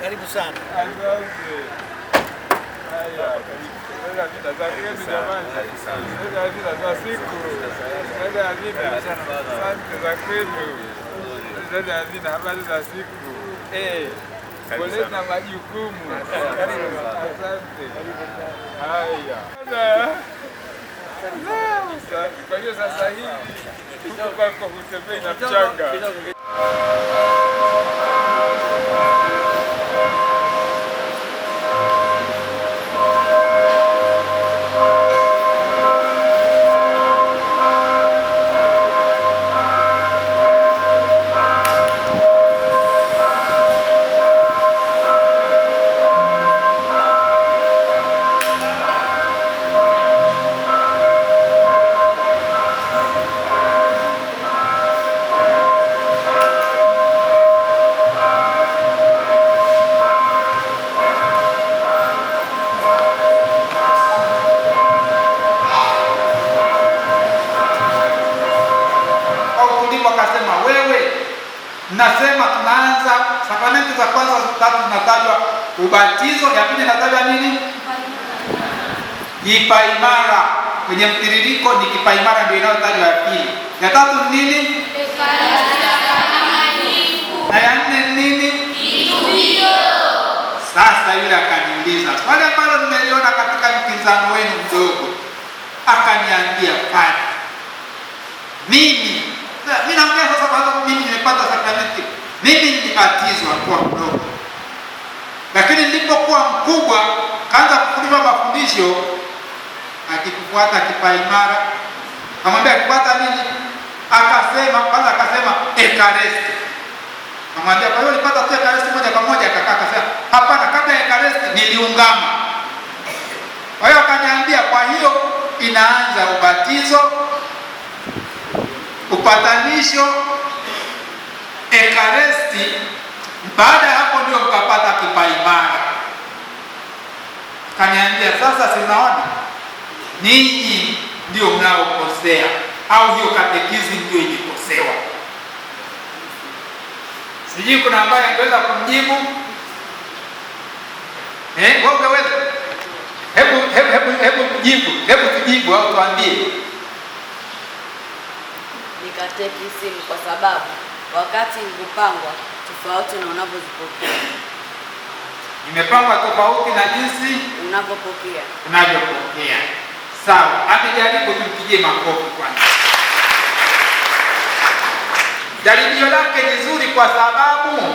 Karibu sana. Habari za siku. Kuleta majukumu. Asante. Haya. Kwa hiyo sasa hivi huko kwako hutembei na mchanga. kwenye mtiririko ni kipaimara, ndio inayotajwa ya pili. Ya tatu nini? na ya nne nini? Sasa yule akaniuliza swali ambalo nimeliona katika mpinzano wenu mdogo, akaniambia padi, mimi mi naongea sasa kwa sababu mimi nimepata sakramenti, mimi nilibatizwa kwa mdogo, lakini nilipokuwa mkubwa kaanza kufundishwa mafundisho akikufuata akipaimara, kamwambia akipata nini? Akasema kwanza, akasema Ekaristi. Kamwambia kwa hiyo nilipata tu Ekaristi moja kwa moja? Akakaa akasema hapana, kabla ya Ekaristi niliungama. Kwa hiyo akaniambia, kwa hiyo inaanza ubatizo, upatanisho, ekaresti baada ya hapo ndio mkapata kipaimara. Kaniambia sasa, sinaona ninyi ndio mnaokosea, au hiyo katekizi ndio ilikosewa. Sijui kuna ambaye angeweza kumjibu eh? Wewe ungeweza? Hebu hebu hebu hebu kujibu, hebu kujibu au tuambie. Ni katekizi kwa sababu wakati ulipangwa tofauti na unavyozipokea, imepangwa tofauti na jinsi unavyopokea unavyopokea sawa, amejaribu, tumpigie makofi kwanza. Jaribio lake ni zuri kwa sababu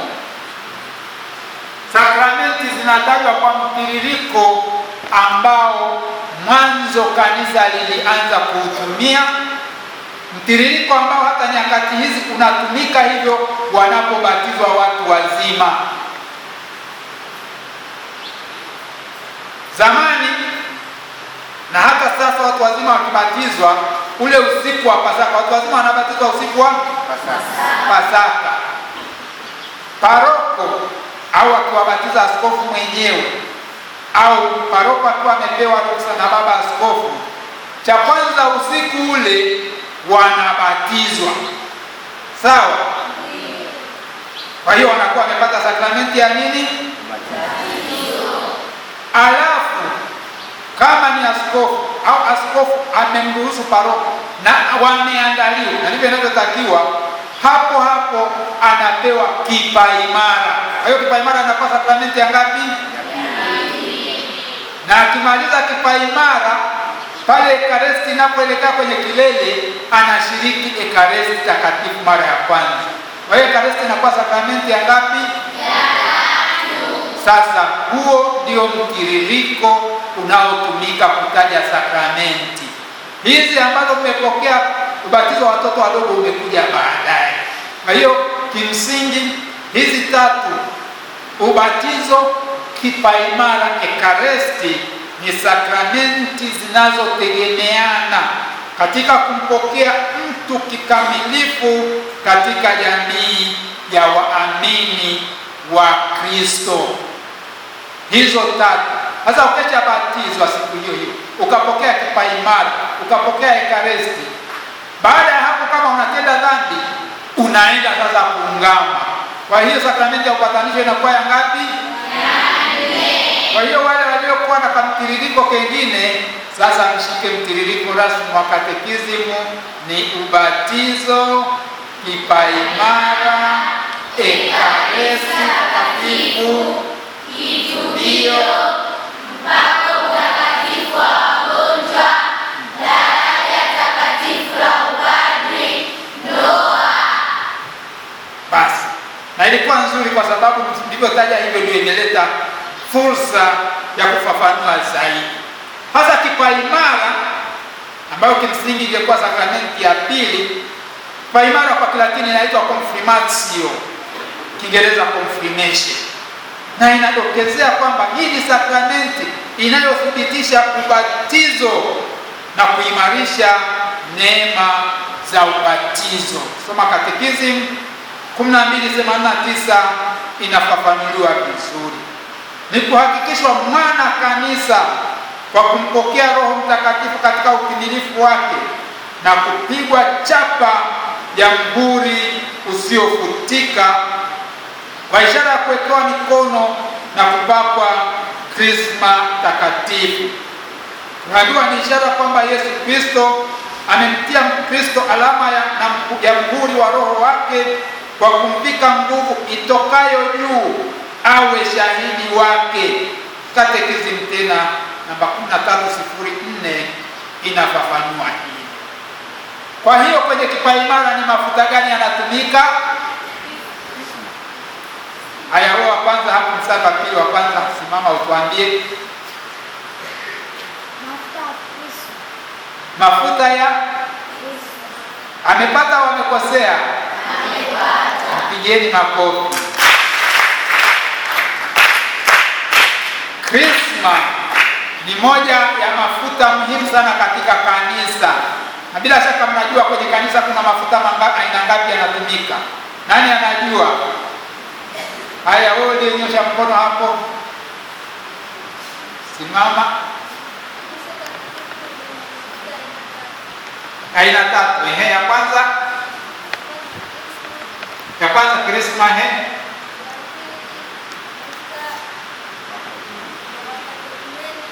sakramenti zinatajwa kwa mtiririko ambao mwanzo kanisa lilianza kuutumia, mtiririko ambao hata nyakati hizi unatumika hivyo wanapobatizwa watu wazima. Zamani na hata sasa watu wazima wakibatizwa ule usiku wa Pasaka, watu wazima wanabatizwa usiku wa Pasaka. Paroko au akiwabatiza askofu mwenyewe au paroko akiwa amepewa ruhusa na baba askofu, cha kwanza usiku ule wanabatizwa, sawa? Kwa hiyo wanakuwa wamepata sakramenti ya nini? Alafu kama ni askofu au askofu amemruhusu paroko na wameandaliwa na ndivyo inavyotakiwa, hapo hapo anapewa kipaimara. Kwa hiyo kipaimara anapewa sakramenti ya ngapi? Na akimaliza kipaimara pale ekaresti inapoelekea kwenye kilele, anashiriki ekaresti takatifu mara ya kwanza. Kwa hiyo ekaresti inakuwa sakramenti ya ngapi? Sasa huo ndio mtiririko unaotumika kutaja sakramenti hizi ambazo umepokea Ubatizo wa watoto wadogo umekuja baadaye. Kwa hiyo kimsingi hizi tatu, ubatizo, kipaimara, ekaresti ni sakramenti zinazotegemeana katika kumpokea mtu kikamilifu katika jamii ya waamini wa Kristo. Hizo tatu sasa ukeshabatizwa siku hiyo hiyo, ukapokea kipaimara, ukapokea ekaristi, baada ya hapo, kama unatenda dhambi, unaenda sasa kuungama. Kwa hiyo sakramenti ya upatanisho inakuwa ya ngapi? Kwa hiyo wale waliokuwa na kamtiririko kengine, sasa mshike mtiririko rasmi wa katekizimu: ni ubatizo, kipaimara, ekaristi takatifu, kitubio na ilikuwa nzuri kwa sababu ndivyotaja hivyo ndio imeleta fursa ya kufafanua zaidi. Hasa kipaimara ambayo kimsingi ingekuwa sakramenti ya pili. Kipaimara kwa Kilatini inaitwa confirmatio, Kiingereza confirmation, na inadokezea kwamba hii ni sakramenti inayothibitisha ubatizo na kuimarisha neema za ubatizo. Soma Katekisimu 1289 inafafanuliwa vizuri, ni kuhakikishwa mwana kanisa kwa kumpokea Roho Mtakatifu katika utimilifu wake na kupigwa chapa ya mhuri usiofutika kwa ishara ya kuwekewa mikono na kupakwa krisma takatifu. Tunajua ni ishara kwamba Yesu Kristo amemtia Mkristo alama ya, ya mhuri wa Roho wake kwa kumpika nguvu itokayo juu awe shahidi wake. Katekisimu tena namba 1304 inafafanua hii. Kwa hiyo kwenye kipaimara ni mafuta gani yanatumika? Haya, huo wa kwanza hapo, msaba pili wa kwanza, simama utuambie mafuta ya amepata, wamekosea Mpigeni makofi. Krisma ni moja ya mafuta muhimu sana katika kanisa, na bila shaka mnajua kwenye kanisa kuna mafuta aina ngapi yanatumika. Nani anajua? Haya, wewe ulionyosha mkono hapo, simama. Aina tatu. Ehe, ya kwanza ya kwanza krisma hai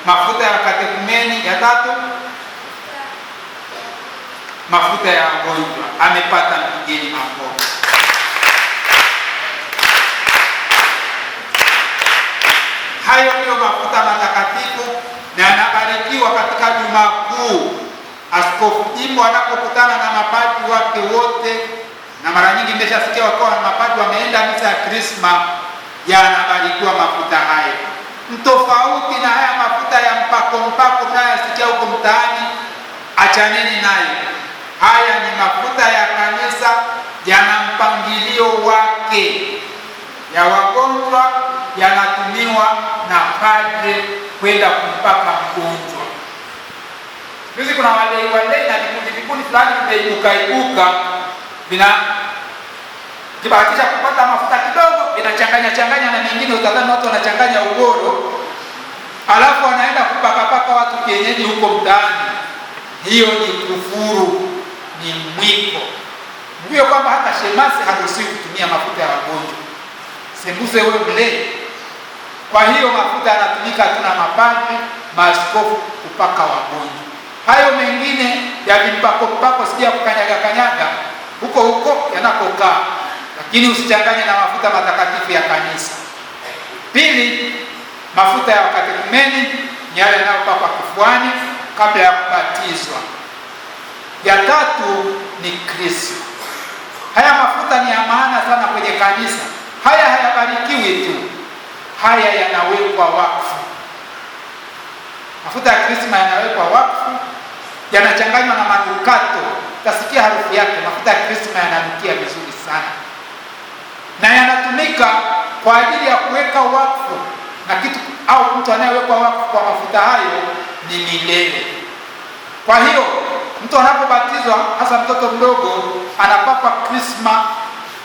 mafuta ya katekumeni. Ya tatu mafuta ya wagonjwa, amepata mgeni mapoko. Hayo ndiyo mafuta matakatifu na yanabarikiwa katika Jumaa Kuu, Askofu Jimbo anapokutana na mapadri wake wote nyingi nimeshasikia wakiwa mapadri wameenda misa ya Krisma yanabarikiwa mafuta haya, mtofauti na haya mafuta ya mpako mpako mnayoyasikia huko mtaani, achaneni nayo. Haya ni mafuta ya kanisa, yana mpangilio wake, ya wagonjwa yanatumiwa na padre kwenda kumpaka mgonjwa. Siku kuna walei walei na vikundi vikundi fulani vimeibuka ibuka vina kibahatisha kupata mafuta kidogo, inachanganya changanya na mingine, utadhani watu wanachanganya ugoro, alafu wanaenda kupakapaka watu kienyeji huko mtaani. Hiyo ni kufuru, ni mwiko. Ndiyo kwamba hata shemasi haruhusiwi kutumia mafuta ya wagonjwa, sembuze wewe mlee. Kwa hiyo mafuta yanatumika tuna na mapadri, maaskofu kupaka wagonjwa. Hayo mengine ya vimpako mpako, sija kukanyaga kanyaga huko huko yanakokaa lakini usichanganye na mafuta matakatifu ya kanisa. Pili, mafuta ya wakatekumeni ni yale yanayopakwa kifuani kabla ya kubatizwa. Ya tatu ni Kristo. Haya mafuta ni ya maana sana kwenye kanisa. Haya hayabarikiwi tu, haya yanawekwa wakfu. Mafuta ya Krisma yanawekwa wakfu, yanachanganywa na manukato. Tasikia harufu yake, mafuta ya Krisma yananukia kwa ajili ya kuweka wakfu na kitu au mtu anayewekwa wakfu kwa mafuta hayo ni milele. Kwa hiyo mtu anapobatizwa, hasa mtoto mdogo, anapakwa krisma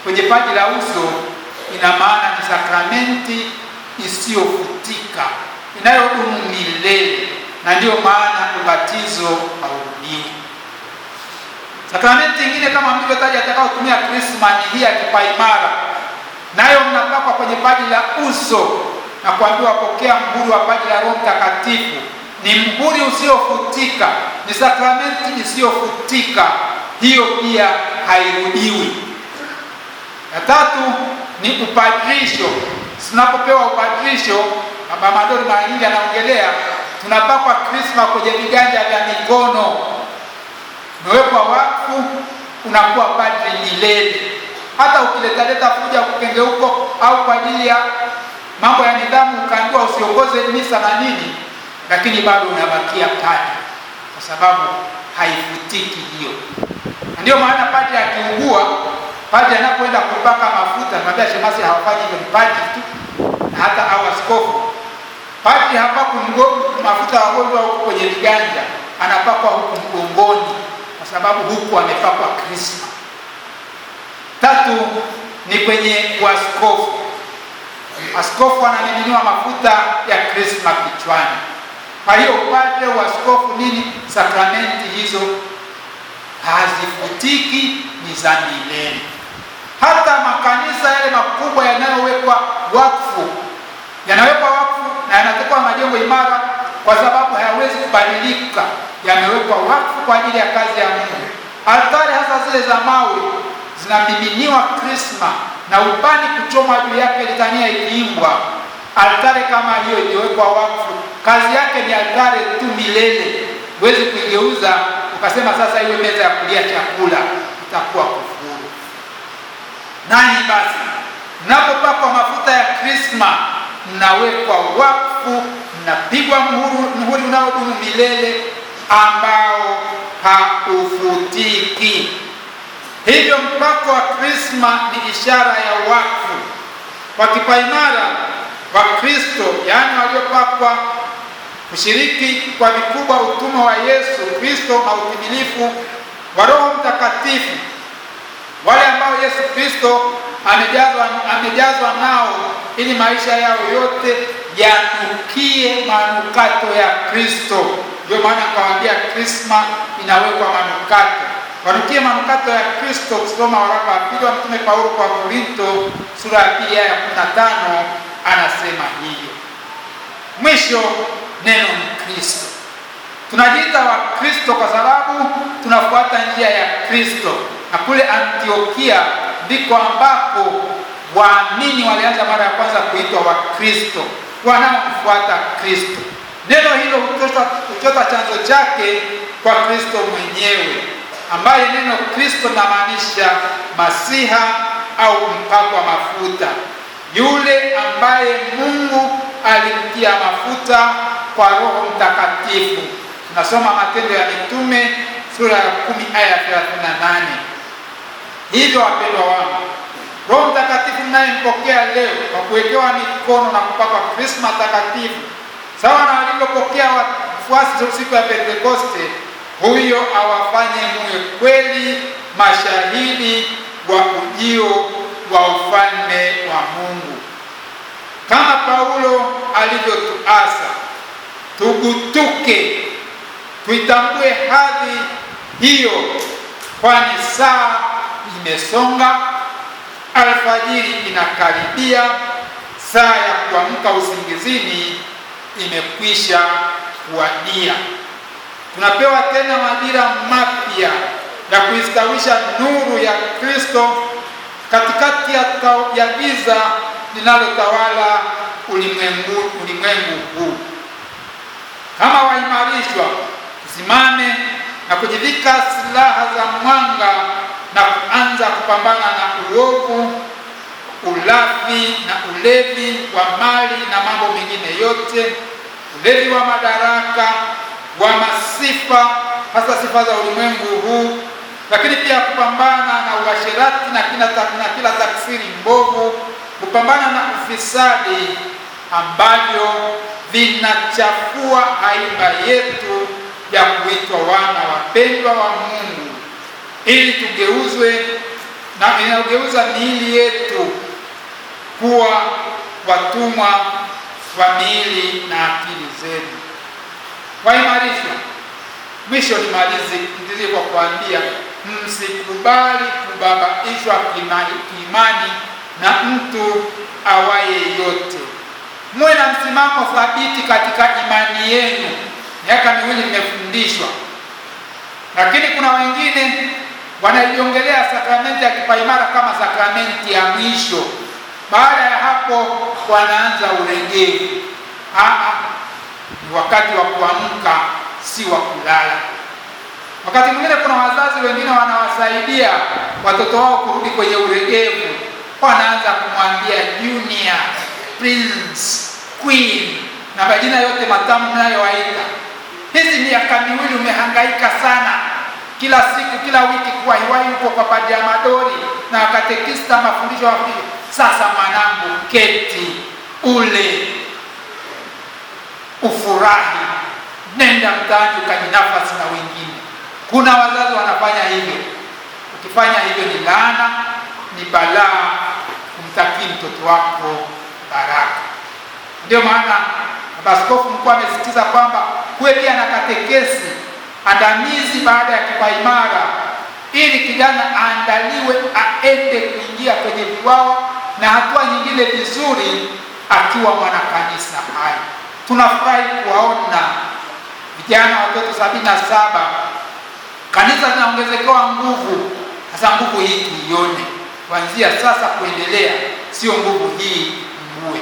kwenye paji la uso, ina maana ni sakramenti isiyofutika inayodumu milele, na ndiyo maana ubatizo haudini. Sakramenti ingine kama mlivyotaja, atakayotumia krisma ni hii ya kipaimara nayo mnapakwa kwenye paji la uso na kuambiwa, pokea mhuri wa paji la Roho Mtakatifu. Ni mhuri usiofutika, ni sakramenti isiyofutika, hiyo pia hairudiwi. Ya tatu ni upadrisho. Tunapopewa upadrisho, Mama Madori mara nyingi anaongelea, tunapakwa krisma kwenye viganja vya mikono, umewekwa wakfu, unakuwa padri milele hata ukiletaleta kuja kukengeuko au kwa ajili ya mambo ya nidhamu ukaambiwa usiongoze misa na nini, lakini bado unabakia padri, kwa sababu haifutiki hiyo. ndio maana padri akiugua, padri anapoenda kupaka mafuta, naambia shemasi hawafanyi hivyo, ni padri tu, hata au askofu. Padri hapakwi mafuta wagonjwa huko kwenye viganja, anapakwa huku mgongoni, kwa sababu huku amepakwa krisma tatu ni kwenye waskofu Askofu anamiminiwa mafuta ya krisma kichwani. Kwa hiyo upate waskofu nini? Sakramenti hizo hazifutiki, ni za milele. Hata makanisa yale makubwa yanayowekwa wakfu, yanawekwa wakfu na yanatokwa majengo imara, kwa sababu hayawezi kubadilika, yamewekwa wakfu kwa ajili ya kazi ya Mungu. Altari hasa zile za mawe zinamiminiwa krisma na ubani kuchomwa juu yake, litania iliimbwa Altare kama hiyo iliyowekwa wakfu, kazi yake ni altare tu milele, huwezi kuigeuza ukasema sasa iwe meza ya kulia chakula, itakuwa kufuru. Nani basi, mnapopakwa mafuta ya krisma mnawekwa wakfu, mnapigwa muhuri, muhuri unaodumu milele ambao haufutiki. Hivyo mpako wa Krisma ni ishara ya wakfu kwa kipaimara wa Kristo, yaani waliopakwa kushiriki kwa vikubwa utume wa Yesu Kristo na utimilifu wa Roho Mtakatifu, wale ambao Yesu Kristo amejazwa amejazwa nao ili maisha yao yote yatukie manukato ya Kristo. Ndio maana kawaambia Krisma inawekwa manukato wanukie manukato ya Kristo. kusoma waraka wa pili wa mtume Paulo kwa Korinto sura ya pili aya ya kumi na tano anasema hiyo. Mwisho, neno ni Kristo. Tunajiita wa Kristo kwa sababu tunafuata njia ya Kristo, na kule Antiokia ndiko ambapo waamini walianza mara ya kwanza kuitwa Wakristo, wanaomfuata Kristo. Neno hilo huchota chanzo chake kwa Kristo mwenyewe ambaye neno Kristo namaanisha Masiha au mpakwa mafuta, yule ambaye Mungu alimtia mafuta kwa Roho Mtakatifu. Tunasoma Matendo ya Mitume sura ya 10 aya ya 38. Hivyo wapendwa wangu, Roho Mtakatifu mnayempokea leo kwa kuwekewa mikono na kupakwa krisma takatifu, sawa na walivyopokea wafuasi siku ya Pentekoste huyo awafanye muwe kweli mashahidi wa ujio wa ufalme wa Mungu. Kama Paulo alivyotuasa, tugutuke, tuitambue hadhi hiyo, kwani saa imesonga, alfajiri inakaribia, saa ya kuamka usingizini imekwisha kuwadia tunapewa tena majira mapya ya kuistawisha nuru ya Kristo katikati ya giza linalotawala ulimwengu ulimwengu huu. Kama waimarishwa, tusimame na kujivika silaha za mwanga na kuanza kupambana na uovu, ulafi na ulevi wa mali na mambo mengine yote, ulevi wa madaraka wa masifa hasa sifa za ulimwengu huu, lakini pia kupambana na uasherati na kila, na kila taksiri mbovu, kupambana na ufisadi ambavyo vinachafua haiba yetu ya kuitwa wana wapendwa wa Mungu, ili tugeuzwe na inageuza miili yetu kuwa watumwa wa miili na akili zetu waimarishwe. Mwisho nimalizie kwa kuambia msikubali kubabaishwa kiimani na mtu awaye yote, muwe na msimamo thabiti katika imani yenu. Miaka miwili nimefundishwa, lakini kuna wengine wanaiongelea sakramenti ya kipaimara kama sakramenti ya mwisho. Baada ya hapo wanaanza ulegevu. Ah, ah, ni wakati wa kuamka, si wa kulala. Wakati mwingine kuna wazazi wengine wanawasaidia watoto wao kurudi kwenye uregevu, wanaanza kumwambia junior, prince, queen na majina yote matamu nayowaita. Hizi miaka miwili umehangaika sana, kila siku, kila wiki, kuwa hiwai uko kwa baadhi ya madori na wakatekista, mafundisho wa Sasa mwanangu, keti ule ufurahi, nenda mtaani ukajinafasi na wengine. Kuna wazazi wanafanya hivyo. Ukifanya hivyo ni laana, ni balaa, kumtakii mtoto wako baraka. Ndio maana baskofu mkuu amesisitiza kwamba kweli pia na katekesi andamizi baada ya kipaimara, ili kijana aandaliwe aende kuingia kwenye viwao na hatua nyingine vizuri akiwa mwana kanisa hai. Tunafurahi kuwaona vijana watoto sabini na saba. Kanisa linaongezekewa nguvu, hasa nguvu hii tuione kuanzia sasa kuendelea, sio nguvu hii mgue.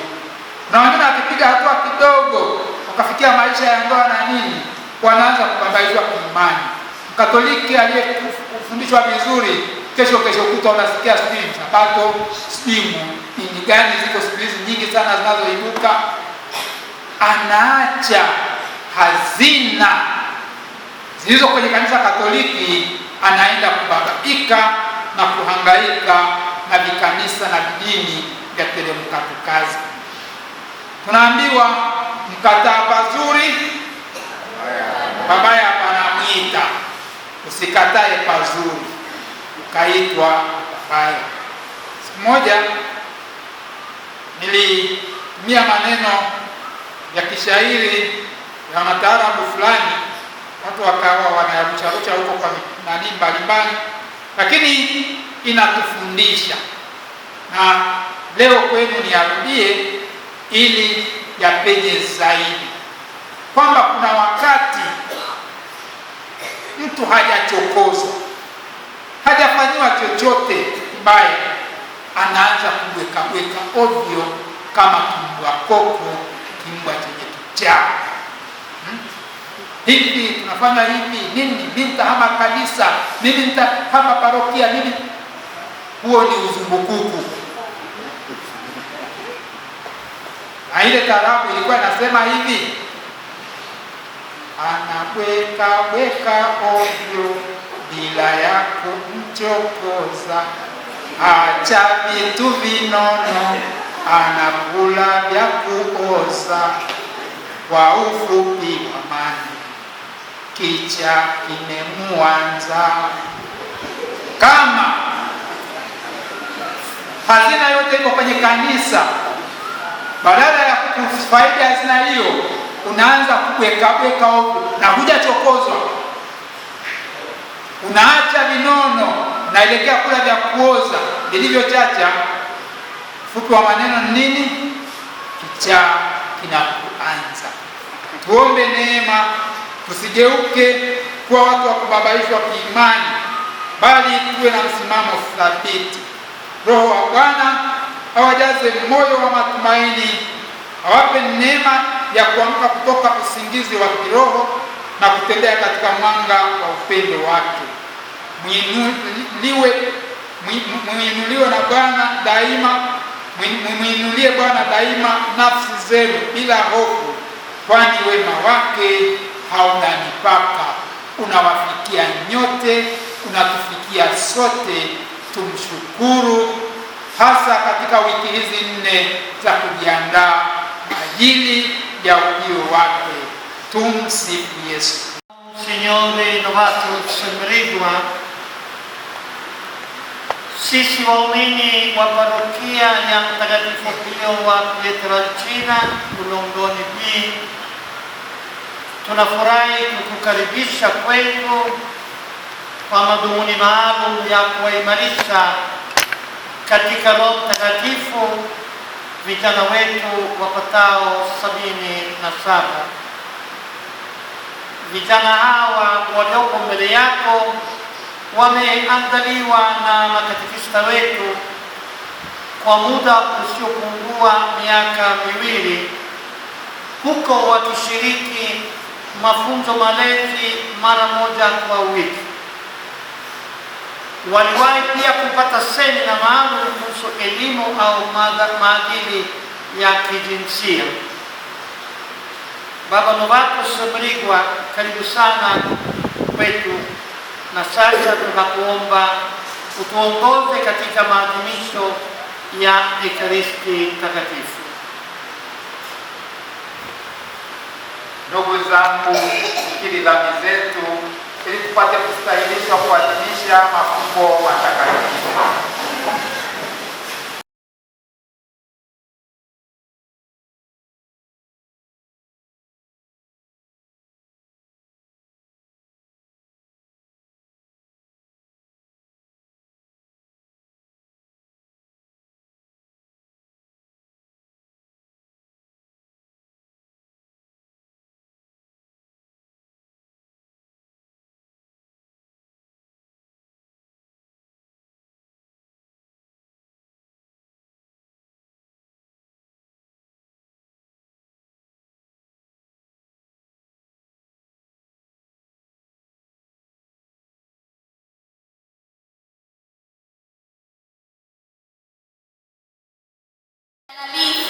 Kuna wengine wakipiga hatua kidogo, wakafikia maisha ya ndoa na nini, wanaanza kubambaizwa kiimani. Mkatoliki aliyefundishwa vizuri, kesho kesho kuta unasikia sijui Sabato, sijui ini gani, ziko siku hizi nyingi sana zinazoibuka anaacha hazina zilizo kwenye kanisa Katoliki, anaenda kubabaika na kuhangaika na vikanisa na vidini vya teremka tukazi. Tunaambiwa mkataa pazuri babaya panamwita, usikatae pazuri ukaitwa babaya. Siku moja nilitumia maneno ya kishairi ya mataarabu fulani, watu wakawa wanayarucharucha huko kwa nani mbalimbali, lakini inatufundisha. Na leo kwenu niarudie ili yapenye zaidi, kwamba kuna wakati mtu hajachokoza, hajafanyiwa chochote mbaya, anaanza kuwekaweka ovyo kama kumbwa koko kiumba chenye kichaa hmm? hivi tunafanya hivi nini, mimi nitahama kanisa, mimi nitahama parokia, mimi huo ni uzumbukuku. Na ile tarabu ilikuwa inasema hivi, anabweka weka ovyo bila ya kumchokoza, acha vitu vinono anakula vya kuoza, kwa ufupi wa mani, kicha kimemuanza. Kama hazina yote iko kwenye kanisa, badala ya kufaidi hazina hiyo unaanza kuwekaweka huku na hujachokozwa, unaacha vinono, naelekea kula vya kuoza vilivyochacha. Ufupi wa maneno ni nini? Kichaa kinapoanza. Tuombe neema, tusigeuke kuwa watu wa kubabaishwa kiimani, bali tuwe na msimamo thabiti. Roho wa Bwana awajaze moyo wa matumaini, awape neema ya kuamka kutoka usingizi wa kiroho na kutembea katika mwanga wa upendo wake. Mwinuliwe, mwinuliwe na Bwana daima mwinulie Bwana daima nafsi zenu bila hofu, kwani wema wake hauna mipaka, unawafikia nyote, unatufikia sote. Tumshukuru hasa katika wiki hizi nne za kujiandaa ajili ya ujio wake. Tumsifu Yesu. Signore, lovato sembrigua sisi waumini wa parokia ya Mtakatifu Pio wa Pietrelcina Ulongoni B tunafurahi kukukaribisha kwetu kwa madhumuni maalum ya kuwaimarisha katika Roho Mtakatifu vijana wetu wapatao sabini na saba. Vijana hawa walioko mbele yako wameandaliwa na makatekista wetu kwa muda usiopungua miaka miwili, huko wakishiriki mafunzo malezi mara moja kwa wiki. Waliwahi pia kupata semina maalum kuhusu elimu au maadili ya kijinsia. Baba Novatus Mrigwa, karibu sana kwetu na sasa tunakuomba utuongoze katika maadhimisho ya Ekaristi Takatifu. Ndugu zangu, fikiri dhambi zetu ili tupate kustahilishwa kuadhimisha mafumbo matakatifu.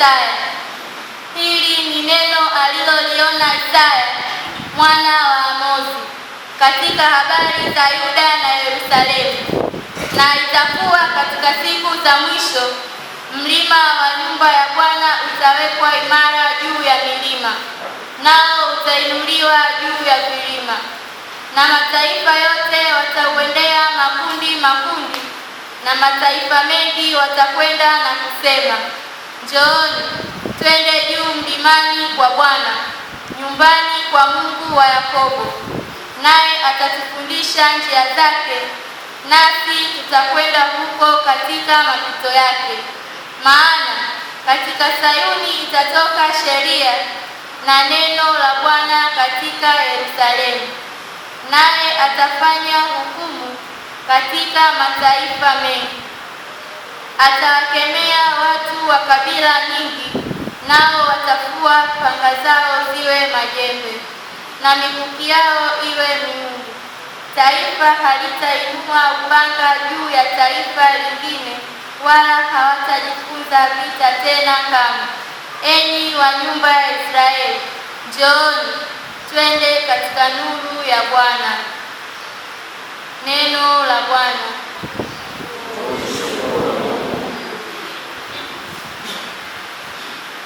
Isaya. Hili ni neno aliloliona Isaya mwana wa Amozi katika habari za Yuda na Yerusalemu. Na itakuwa katika siku za mwisho, mlima wa nyumba ya Bwana utawekwa imara juu ya milima, nao utainuliwa juu ya vilima, na mataifa yote watauendea makundi makundi, na mataifa mengi watakwenda na kusema Njooni twende juu mlimani kwa Bwana, nyumbani kwa Mungu wa Yakobo, naye atatufundisha njia zake, nasi tutakwenda huko katika mapito yake. Maana katika Sayuni itatoka sheria na neno la Bwana katika Yerusalemu, naye atafanya hukumu katika mataifa mengi atawakemea watu wa kabila nyingi, nao watafua panga zao ziwe majembe na mikuki yao iwe miungu. Taifa halitainua upanga juu ya taifa lingine, wala hawatajifunza vita tena kama Enyi wa nyumba ya Israeli, njooni twende katika nuru ya Bwana. Neno la Bwana.